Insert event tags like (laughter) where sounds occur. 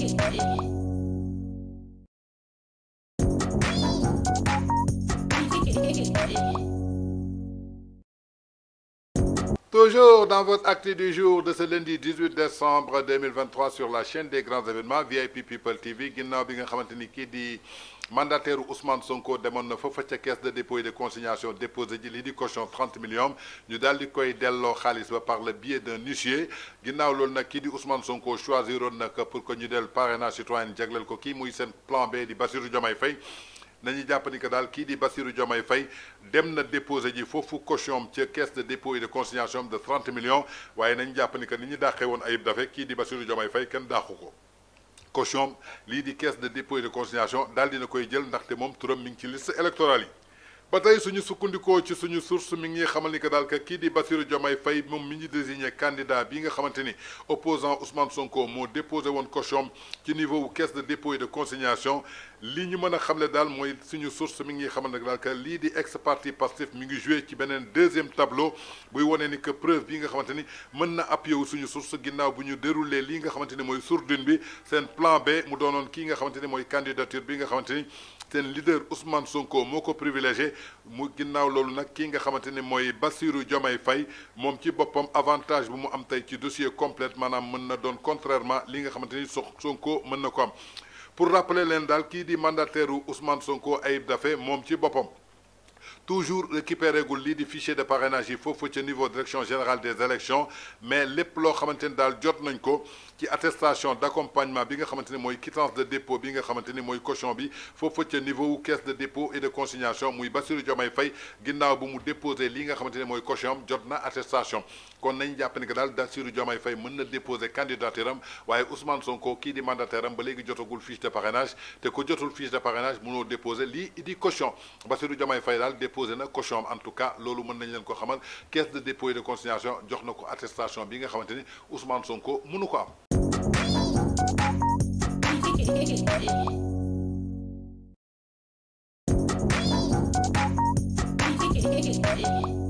Thank (laughs) you. Toujours dans votre acte du jour de ce lundi 18 décembre 2023 sur la chaîne des grands événements VIP People TV ginnaaw bi nga que le mandataire Ousmane Sonko demande une foofa caisse de dépôt et de consignation déposée de 30 millions ñu dal di koy delloo ba par le biais d'un huissier ginnaaw loolu dit kii di Ousmane Sonko choisit pour que ñu del parrainage citoyen jagleel ko muy plan B di Basirou Diomaye Faye nañu jàpp ni que daal kii di Bassirou Diomaye Faye dem na déposé ji fofu caution ci caisse de dépôt et de consignation de 30 millions waye nañu jàpp ni que ni ñu won woon Ayib Daffé di Bassirou Diomaye Faye ken dàqu ko caution li di caisse de dépôt et de consignation dal dina koy jël ndaxte moom turam mi ngi ci liste électorale yi ba tey suñu sukkundiko ci suñu source mi ngi xamal ni que dal ka kii di Bassirou Diomaye fay moom mi ñu désigné candidat bi nga xamante ni opposant Ousmane Sonko moo déposé woon caution ci niveau caisse de dépôt et de consignation li ñu mën a xamle daal mooy suñu source mi ngi xamal nag dal ka lii di ex parti passif mi ngi joué ci beneen deuxième tableau buy wane ni que preuve bi nga xamante ni mën na appuyé wu suñu source ginnaaw bu ñu déroulé lii nga xamante ni mooy sourdine bi seen plan B mu doonoon kii nga xamante ni mooy candidature bi nga xamante ni seen leader Ousmane Sonko moo ko privilégié. mu ginnaaw loolu nag kii nga xamante ni mooy Bassirou Diomaye Faye moom ci boppam avantage bu mu am tey ci dossier complète maanaam mën na doon contrairement li nga xamante ni Sonko mën na ko am pour rappeler leen daal kii di mandataire Ousmane Sonko ay Daffé moom ci boppam toujours récupéré gul lii di fichier de parrainage yi foofu ci niveau direction générale des élections mais lépp loo xamante dal daal jot nañ ko ci attestation d'accompagnement accompagnement bi nga xamante ni quittance de dépôt bi nga xamante ni mooy caution bi foofu ci niveau caisse de dépôt et de consignation muy Bassirou Diomaye Faye ginnaaw bu mu déposé lii nga xamante ni caution jot na attestation kon nañ jàpp ni que daal Bassirou Diomaye Faye mën na déposé Ousmane Sonko kii di mandataire am ba léegi jotagul fiche de parrainage te ko jotul fiche de parrainage mënoo déposer li di caution Bassirou Diomaye Faye dal Poser na caution en tout cas l'olou mën nañ leen ko xamal caisse de dépôt et de consignation jox na attestation bi nga xamanteni Ousmane Sonko mënu ko am. (laughs)